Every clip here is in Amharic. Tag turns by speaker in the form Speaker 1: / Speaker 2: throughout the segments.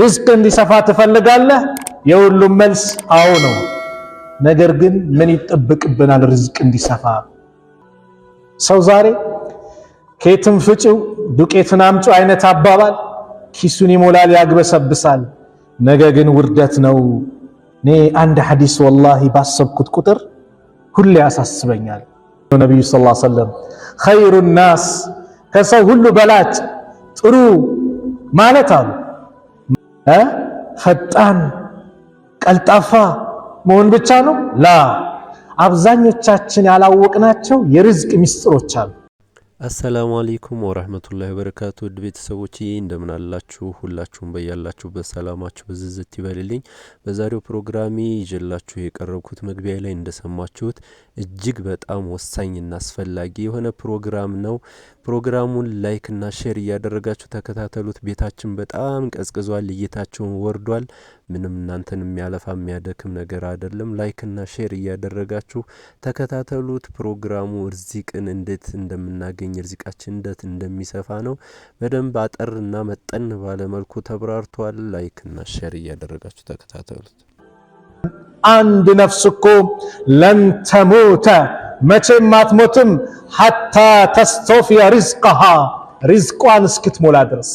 Speaker 1: ሪዝቅ እንዲሰፋ ትፈልጋለህ? የሁሉም መልስ አዎ ነው። ነገር ግን ምን ይጠበቅብናል? ሪዝቅ እንዲሰፋ ሰው ዛሬ ከየትም ፍጪው ዱቄትን አምጪው አይነት አባባል ኪሱን ይሞላል፣ ያግበሰብሳል። ነገ ግን ውርደት ነው። እኔ አንድ ሐዲስ ወላሂ ባሰብኩት ቁጥር ሁሌ ያሳስበኛል። ነቢዩ ሰለላሁ ዐለይሂ ወሰለም ኸይሩ ናስ ከሰው ሁሉ በላጭ ጥሩ ማለት አሉ ፈጣን፣ ቀልጣፋ መሆን ብቻ ነው? ላ አብዛኞቻችን ያላወቅናቸው የርዝቅ ሚስጥሮች አሉ።
Speaker 2: አሰላሙ አሌይኩም ወረህመቱላሂ ወበረካቱ ውድ ቤተሰቦች እንደምን አላችሁ? ሁላችሁም በያላችሁበት ሰላማችሁ ብዝዝት ይበልልኝ። በዛሬው ፕሮግራሜ ይዤላችሁ የቀረብኩት መግቢያ ላይ እንደሰማችሁት እጅግ በጣም ወሳኝና አስፈላጊ የሆነ ፕሮግራም ነው። ፕሮግራሙን ላይክና ሼር እያደረጋችሁ ተከታተሉት። ቤታችን በጣም ቀዝቅዟል፣ እይታችሁን ወርዷል። ምንም እናንተን የሚያለፋ የሚያደክም ነገር አይደለም። ላይክና ሼር እያደረጋችሁ ተከታተሉት። ፕሮግራሙ እርዚቅን እንዴት እንደምናገኝ እርዚቃችን እንዴት እንደሚሰፋ ነው በደንብ አጠርና መጠን ባለመልኩ ተብራርቷል። ላይክና ሼር እያደረጋችሁ ተከታተሉት።
Speaker 1: አንድ ነፍስ እኮ ለንተሞተ መቼም አትሞትም፣ ሐታ ተስተውፊያ ሪዝቀሃ ሪዝቋን እስክትሞላ ድረስ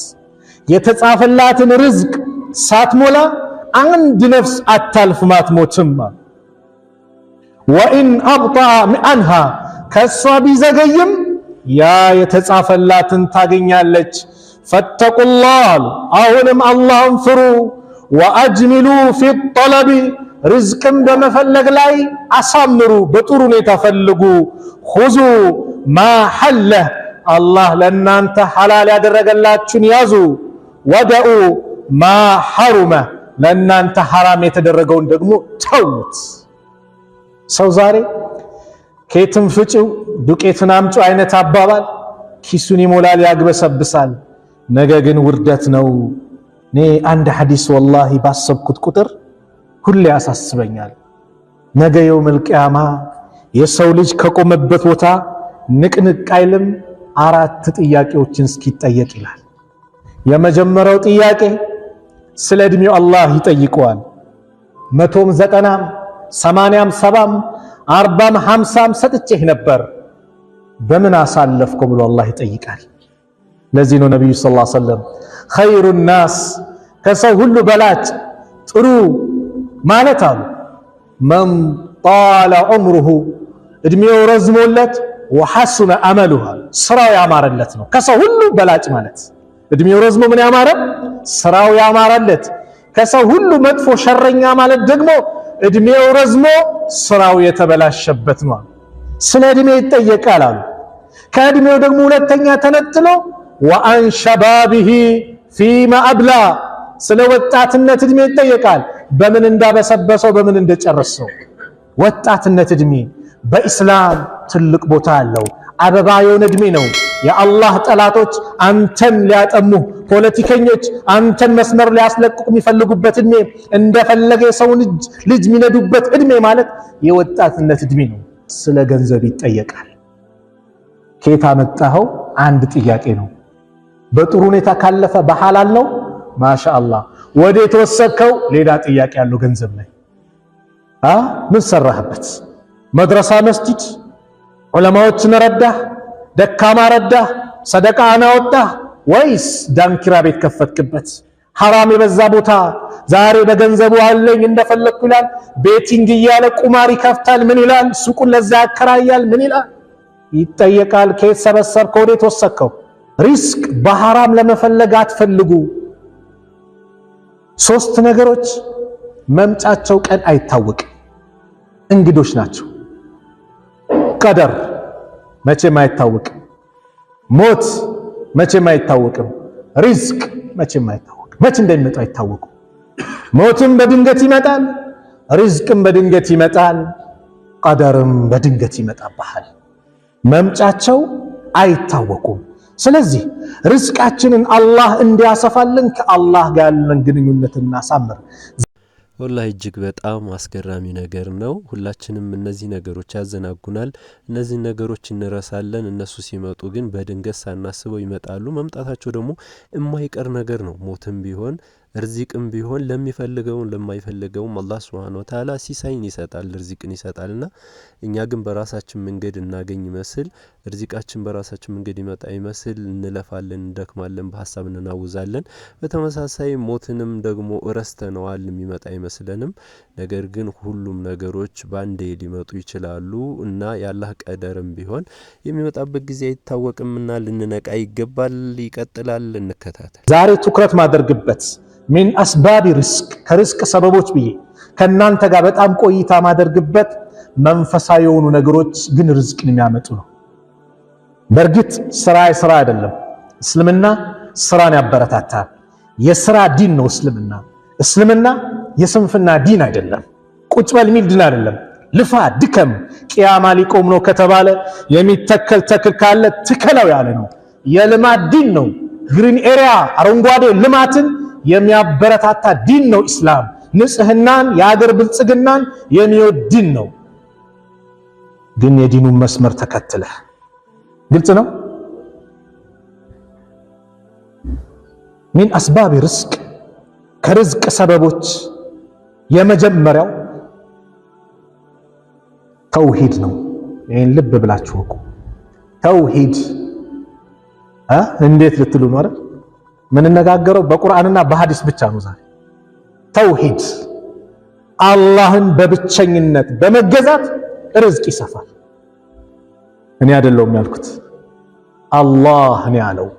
Speaker 1: የተጻፈላትን ሪዝቅ ሳትሞላ አንድ ነፍስ አታልፍም፣ አትሞትም። ወኢን አብጣ አንሃ ከእሷ ቢዘገይም ያ የተጻፈላትን ታገኛለች። ፈተቁላህ አሁንም አላህን ፍሩ። ወአጅሚሉ ፊ ጠለቢ ርዝቅን በመፈለግ ላይ አሳምሩ፣ በጥሩ ሁኔታ ፈልጉ። ሁዙ ማ ሐለ አላህ ለእናንተ ሐላል ያደረገላችሁን ያዙ። ወደኡ ማ ሐሩመ ለእናንተ ሐራም የተደረገውን ደግሞ ተዉት። ሰው ዛሬ ኬትም ፍጪው ዱቄትን አምጪ አይነት አባባል ኪሱን ይሞላል፣ ያግበሰብሳል። ነገ ግን ውርደት ነው። እኔ አንድ ሐዲስ ወላሂ ባሰብኩት ቁጥር ሁሌ ያሳስበኛል። ነገ የውመል ቂያማ የሰው ልጅ ከቆመበት ቦታ ንቅንቅ አይልም፣ አራት ጥያቄዎችን እስኪጠየቅ ይላል። የመጀመሪያው ጥያቄ ስለ ዕድሜው አላህ ይጠይቀዋል። መቶም ዘጠናም ሰማንያም ሰባም አርባም ሀምሳም ሰጥቼህ ነበር በምን አሳለፍከው ብሎ አላህ ይጠይቃል። ለዚህ ነው ነቢዩ ሰለላሁ ዐለይሂ ወሰለም ኸይሩ ናስ ከሰው ሁሉ በላጭ ጥሩ ማለት አሉ መን ጣለ ዑምሩሁ እድሜው ረዝሞለት ወሐሱነ አመሉሁ ስራው ያማረለት ነው። ከሰው ሁሉ በላጭ ማለት እድሜው ረዝሞ ምን ያማረ ስራው ያማረለት። ከሰው ሁሉ መጥፎ ሸረኛ ማለት ደግሞ እድሜው ረዝሞ ስራው የተበላሸበት ነው። ስለ እድሜ ይጠየቃል አሉ። ከእድሜው ደግሞ ሁለተኛ ተነጥሎ ወአን ሸባቢሂ ፊማ አብላ ስለ ወጣትነት እድሜ ይጠየቃል። በምን እንዳበሰበሰው በምን እንደጨረሰው። ወጣትነት እድሜ በኢስላም ትልቅ ቦታ አለው። አበባ የሆነ እድሜ ነው። የአላህ ጠላቶች አንተን ሊያጠሙ፣ ፖለቲከኞች አንተን መስመር ሊያስለቅቁ የሚፈልጉበት እድሜ፣ እንደፈለገ የሰውን ልጅ የሚነዱበት እድሜ ማለት የወጣትነት እድሜ ነው። ስለ ገንዘብ ይጠየቃል። ከየት አመጣኸው? አንድ ጥያቄ ነው። በጥሩ ሁኔታ ካለፈ በሐላል ነው። ማሻአላህ ወደ ተወሰከው ሌላ ጥያቄ ያለው ገንዘብ ላይ አ ምን ሰራህበት? መድረሳ መስጂድ ዑለማዎችን ረዳህ፣ ደካማ ረዳህ፣ ሰደቃ አናወጣህ ወይስ ዳንኪራ ቤት ከፈትክበት? ሐራም የበዛ ቦታ ዛሬ በገንዘቡ አለኝ እንደፈለግኩ ይላል። ቤቲንግ እያለ ቁማር ይከፍታል። ምን ይላል? ሱቁን ለዛ ያከራያል። ምን ይላል? ይጠየቃል። ከየት ሰበሰብከው? ወዴት ወሰድከው? ሪስክ በሐራም ለመፈለግ አትፈልጉ። ሶስት ነገሮች መምጫቸው ቀን አይታወቅም፣ እንግዶች ናቸው። ቀደር መቼም አይታወቅም፣ ሞት መቼም አይታወቅም፣ ሪዝቅ መቼም አይታወቅም። መቼ እንደሚመጡ አይታወቁ። ሞትም በድንገት ይመጣል፣ ሪዝቅም በድንገት ይመጣል፣ ቀደርም በድንገት ይመጣብሃል። መምጫቸው አይታወቁም። ስለዚህ ርዝቃችንን አላህ እንዲያሰፋልን ከአላህ ጋር ያለን ግንኙነት እናሳምር።
Speaker 2: ወላሂ እጅግ በጣም አስገራሚ ነገር ነው። ሁላችንም እነዚህ ነገሮች ያዘናጉናል፣ እነዚህ ነገሮች እንረሳለን። እነሱ ሲመጡ ግን በድንገት ሳናስበው ይመጣሉ። መምጣታቸው ደግሞ የማይቀር ነገር ነው። ሞትም ቢሆን ርዚቅም ቢሆን ለሚፈልገው ለማይፈልገውም አላህ ስብሃነ ወተዓላ ሲሳይን ይሰጣል፣ ርዚቅን ይሰጣል። እኛ ግን በራሳችን መንገድ እናገኝ ይመስል ርዚቃችን በራሳችን መንገድ ይመጣ ይመስል እንለፋለን፣ እንደክማለን፣ በሀሳብ እንናውዛለን። በተመሳሳይ ሞትንም ደግሞ እረስተነዋል የሚመጣ አይመስለንም። ነገር ግን ሁሉም ነገሮች ባንዴ ሊመጡ ይችላሉ እና የአላህ ቀደርም ቢሆን የሚመጣበት ጊዜ አይታወቅምና ልንነቃ ይገባል። ይቀጥላል። እንከታተል።
Speaker 1: ዛሬ ትኩረት ማደርግበት ሚን አስባቢ ርስቅ ከርስቅ ሰበቦች ብዬ ከእናንተ ጋር በጣም ቆይታ ማደርግበት መንፈሳዊ የሆኑ ነገሮች ግን ርዝቅን የሚያመጡ ነው። በእርግጥ ስራ ስራ አይደለም። እስልምና ስራን ያበረታታል። የስራ ዲን ነው እስልምና። እስልምና የስንፍና ዲን አይደለም። ቁጭ በል ሚል ዲን አይደለም። ልፋ፣ ድከም። ቅያማ ሊቆም ነው ከተባለ የሚተከል ተክል ካለ ትከለው ያለ ነው። የልማት ዲን ነው። ግሪን ኤሪያ አረንጓዴ ልማትን የሚያበረታታ ዲን ነው። ኢስላም ንጽህናን፣ የአገር ብልጽግናን የሚወድ ዲን ነው። ግን የዲኑን መስመር ተከትለህ ግልጽ ነው። ሚን አስባቢ ርዝቅ ከርዝቅ ሰበቦች የመጀመሪያው ተውሂድ ነው። ይህን ልብ ብላችሁ እኮ ተውሂድ እንዴት ልትሉ ነው አይደል? የምንነጋገረው በቁርአንና በሐዲስ ብቻ ነው። ዛሬ ተውሂድ አላህን በብቸኝነት በመገዛት ርዝቅ ይሰፋል። እኔ አይደለሁም ያልኩት አላህ ነው ያለው።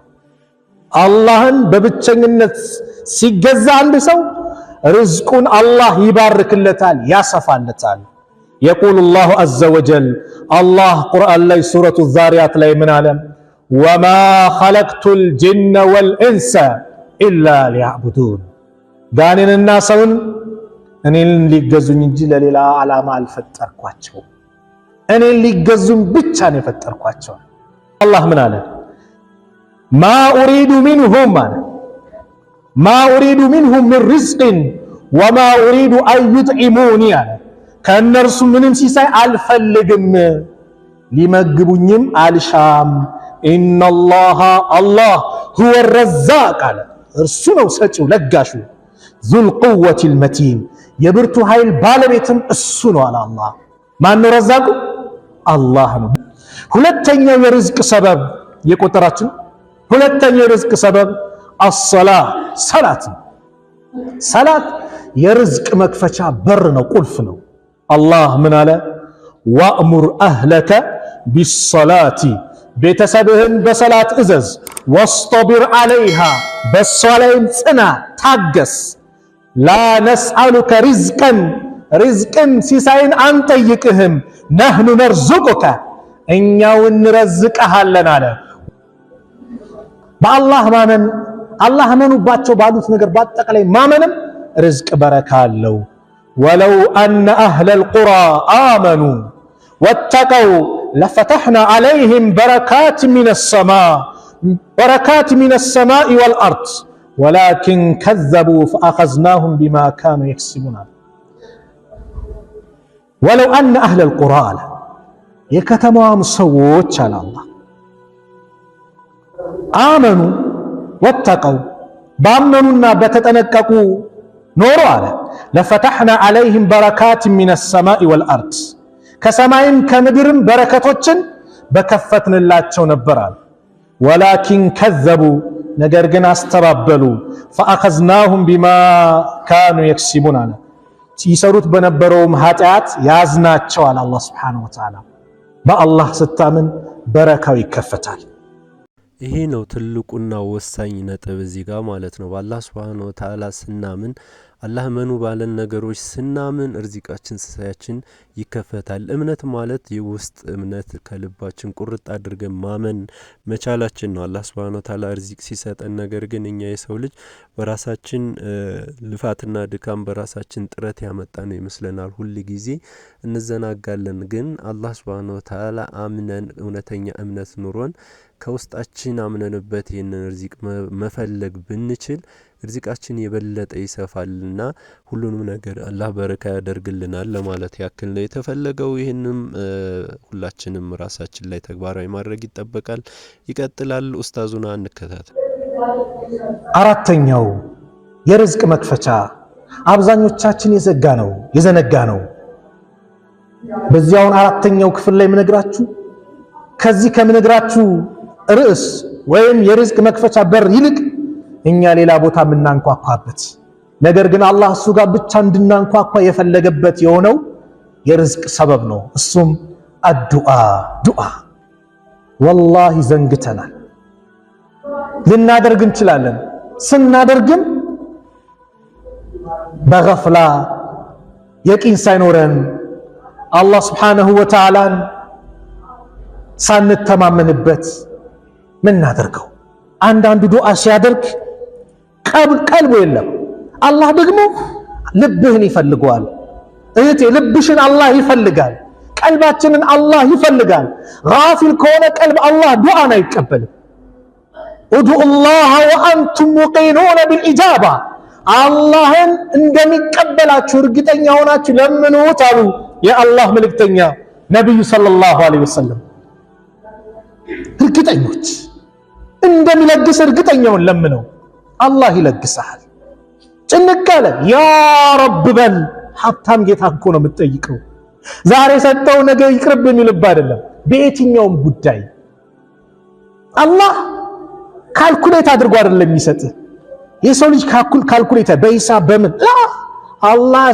Speaker 1: አላህን በብቸኝነት ሲገዛ አንድ ሰው ርዝቁን አላህ ይባርክለታል፣ ያሰፋለታል። የቁሉ ላሁ አዘወጀል አላህ ቁርአን ላይ ሱረቱ ዛሪያት ላይ ምን አለም ወማ ኸለቅቱል ጅነ ወልኢንሰ ኢላ ሊያዕቡዱን ጋኔንና ሰውን እኔን ሊገዙኝ እንጂ ለሌላ ዓላማ አልፈጠርኳቸው እኔን ሊገዙኝ ብቻ ነው የፈጠርኳቸው። አላህ ምን አለ? ማ ኡሪዱ ሚንሁም አለ ማ ኡሪዱ ሚንሁም ምን ሪዝቅን ወማ ኡሪዱ አን አለ ከእነርሱ ምንም ሲሳይ አልፈልግም፣ ሊመግቡኝም አልሻም ኢነላሃ አላህ ሁወ ረዛቅ አለ። እርሱ ነው ሰጪው ለጋሹ። ዙል ቁወቲል መቲን የብርቱ ኃይል ባለቤትም እሱ ነው አለ አላህ። ማነው ረዛቁ? አላህ ነው። ሁለተኛው የርዝቅ ሰበብ የቆጠራችን ሁለተኛው የርዝቅ ሰበብ አሰላ ሰላት። ሰላት የርዝቅ መክፈቻ በር ነው፣ ቁልፍ ነው። አላህ ምን አለ? ወእሙር አህለከ ቢሰላቲ ቤተሰብህን በሰላት እዘዝ፣ ወስጠቢር አለይሃ በእሷ ላይም ጽና ታገስ። ላ ነስአሉከ ሪዝቀን ሪዝቅን ሲሳይን አንጠይቅህም። ነህኑ ነርዙቁከ እኛው እንረዝቀሃለን አለ። በአላህ ማመን አላህ እመኑባቸው ባሉት ነገር በአጠቃላይ ማመንም ርዝቅ በረካ አለው። ወለው አነ አህለል ቁራ አመኑ ወተቀው لفتحنا عليهم بركات من السماء بركات من السماء والأرض ولكن كذبوا فأخذناهم بما كانوا يكسبون ولو أن أهل القرى يكتموهم صوت على الله آمنوا واتقوا بامنوا بتتنككوا نور على لفتحنا عليهم بركات من السماء والأرض ከሰማይም ከምድርም በረከቶችን በከፈትንላቸው ነበራል። ወላኪን ከዘቡ ነገር ግን አስተባበሉ። ፈአኸዝናሁም ቢማ ካኑ የክሲቡን አለ ሲሰሩት በነበረውም ኃጢአት ያዝናቸዋል። አላህ ሱብሓነሁ ወተዓላ በአላህ ስታምን በረካው ይከፈታል።
Speaker 2: ይሄ ነው ትልቁና ወሳኝ ነጥብ እዚህ ጋር ማለት ነው። በአላህ ሱብሓነሁ ወተዓላ ስናምን አላህ መኑ ባለን ነገሮች ስናምን እርዚቃችን ስሳያችን ይከፈታል። እምነት ማለት የውስጥ እምነት ከልባችን ቁርጥ አድርገን ማመን መቻላችን ነው። አላህ ስብሃነ ወተዓላ እርዚቅ ሲሰጠን፣ ነገር ግን እኛ የሰው ልጅ በራሳችን ልፋትና ድካም በራሳችን ጥረት ያመጣ ነው ይመስለናል። ሁል ጊዜ እንዘናጋለን። ግን አላህ ስብሃነ ወተዓላ አምነን እውነተኛ እምነት ኑሮን ከውስጣችን አምነንበት ይህንን እርዚቅ መፈለግ ብንችል ርዚቃችን የበለጠ ይሰፋልና ሁሉንም ነገር አላህ በረካ ያደርግልናል ለማለት ያክል ነው የተፈለገው። ይህንም ሁላችንም ራሳችን ላይ ተግባራዊ ማድረግ ይጠበቃል። ይቀጥላል። ኡስታዙና እንከታተል።
Speaker 1: አራተኛው የርዝቅ መክፈቻ አብዛኞቻችን የዘጋ ነው የዘነጋ ነው። በዚያውን አራተኛው ክፍል ላይ የምነግራችሁ ከዚህ ከምነግራችሁ ርዕስ ወይም የርዝቅ መክፈቻ በር ይልቅ እኛ ሌላ ቦታ የምናንኳኳበት ነገር ግን አላህ እሱ ጋር ብቻ እንድናንኳኳ የፈለገበት የሆነው የርዝቅ ሰበብ ነው። እሱም አዱአ ዱአ። ወላሂ ዘንግተናል። ልናደርግ እንችላለን። ስናደርግም በገፍላ የቂን ሳይኖረን አላህ ስብሓነሁ ወተዓላን ሳንተማመንበት ምናደርገው። አንዳንዱ ዱዓ ሲያደርግ ቀልቡ የለም። አላህ ደግሞ ልብህን ይፈልገዋል። እህቴ ልብሽን አላህ ይፈልጋል። ቀልባችንን አላህ ይፈልጋል። ጋፊል ከሆነ ቀልብ አላህ ዱዓን አይቀበልም። ኡድዑ ላህ ወአንቱም ሙቂኑነ ቢልኢጃባ አላህን እንደሚቀበላችሁ እርግጠኛ ሆናችሁ ለምኑት አሉ የአላህ መልእክተኛ ነቢዩ ሰለላሁ ዐለይሂ ወሰለም። እርግጠኞች እንደሚለግስ እርግጠኛውን ለምነው አላህ ይለግሰሃል። ጭንቅ አለ ያ ረብ በል። ሀብታም ጌታ እኮ ነው የምትጠይቀው። ዛሬ ሰጠው ነገ ይቅርብ የሚልብ አይደለም። በየትኛውም ጉዳይ አላህ ካልኩሌት አድርጎ አይደለም የሚሰጥ። የሰው ልጅ ካልኩሌት በሂሳብ በምን አላህ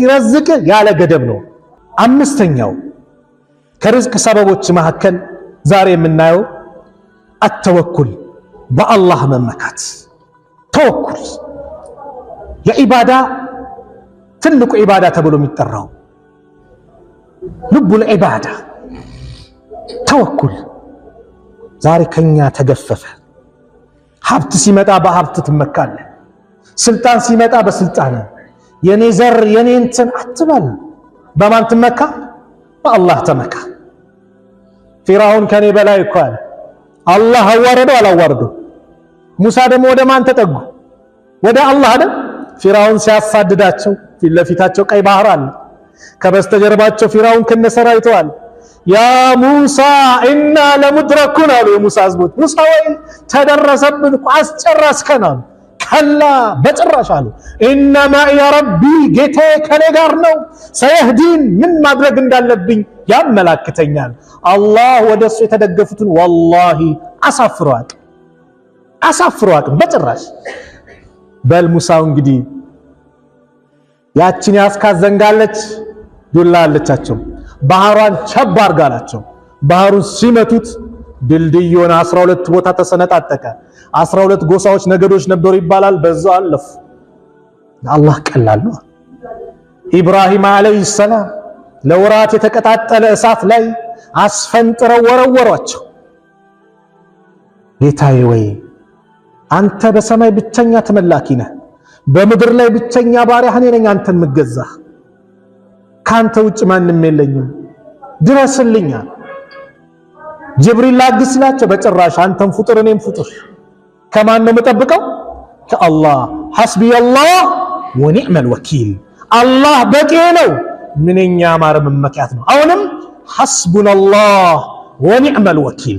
Speaker 1: ሲረዝቅ ያለ ገደብ ነው። አምስተኛው ከርዝቅ ሰበቦች መካከል ዛሬ የምናየው አተወኩል በአላህ መመካት ተወኩል የኢባዳ ትልቁ ኢባዳ ተብሎ የሚጠራው ልቡል ኢባዳ ተወኩል ዛሬ ከኛ ተገፈፈ። ሀብት ሲመጣ በሀብት ትመካለ። ስልጣን ሲመጣ በስልጣን የኔ ዘር የኔ እንትን አትበል። በማን ትመካ? በአላህ ተመካ። ፊራውን ከኔ በላይ እኮ አለ። አላህ አዋረደው አላዋረደው ሙሳ ደግሞ ወደ ማን ተጠጉ? ወደ አላህ አይደል? ፊራውን ሲያሳድዳቸው ፊት ለፊታቸው ቀይ ባህር አለ፣ ከበስተጀርባቸው ፊራውን ከነሰራዊቱ አለ። ያ ሙሳ ኢና ለሙድረኩን አሉ የሙሳ ህዝቦች። ሙሳ ወይ ተደረሰብን፣ አስጨረስከን አሉ። ከላ በጭራሽ አሉ። ኢና ማእያ ረቢ፣ ጌታዬ ከኔ ጋር ነው። ሰየህዲን፣ ምን ማድረግ እንዳለብኝ ያመላክተኛል። አላህ ወደ እሱ የተደገፉትን ወላሂ አሳፍረዋል። አሳፍሮ አቅም በጭራሽ በልሙሳው እንግዲህ ያችን ያስካዘንጋለች ዘንጋለች ዱላ አለቻቸው። ባህሯን ቸብ አርጋላቸው። ባህሩን ሲመቱት ድልድይ የሆነ 12 ቦታ ተሰነጣጠቀ። 12 ጎሳዎች ነገዶች ነበሩ ይባላል። በዛው አለፉ። አላህ ቀላል ነው። ኢብራሂም አለይሂ ሰላም ለወራት የተቀጣጠለ እሳት ላይ አስፈንጥረው ወረወሯቸው። ጌታዬ ወይ አንተ በሰማይ ብቸኛ ተመላኪ ነህ፣ በምድር ላይ ብቸኛ ባሪያህ እኔ ነኝ። አንተን ምገዛህ ካንተ ውጭ ማንም የለኝም፣ ድረስልኛ። ጅብሪል ላግዝ ሲላቸው በጭራሽ አንተን ፍጡር እኔም ፍጡር። ከማን ነው የምጠብቀው? ከአላህ ሐስቢ አላህ ወኒዕመል ወኪል፣ አላህ በቂ ነው፣ ምንኛ ማረ መመኪያት ነው። አሁንም ሐስቡን አላህ ወኒዕመል ወኪል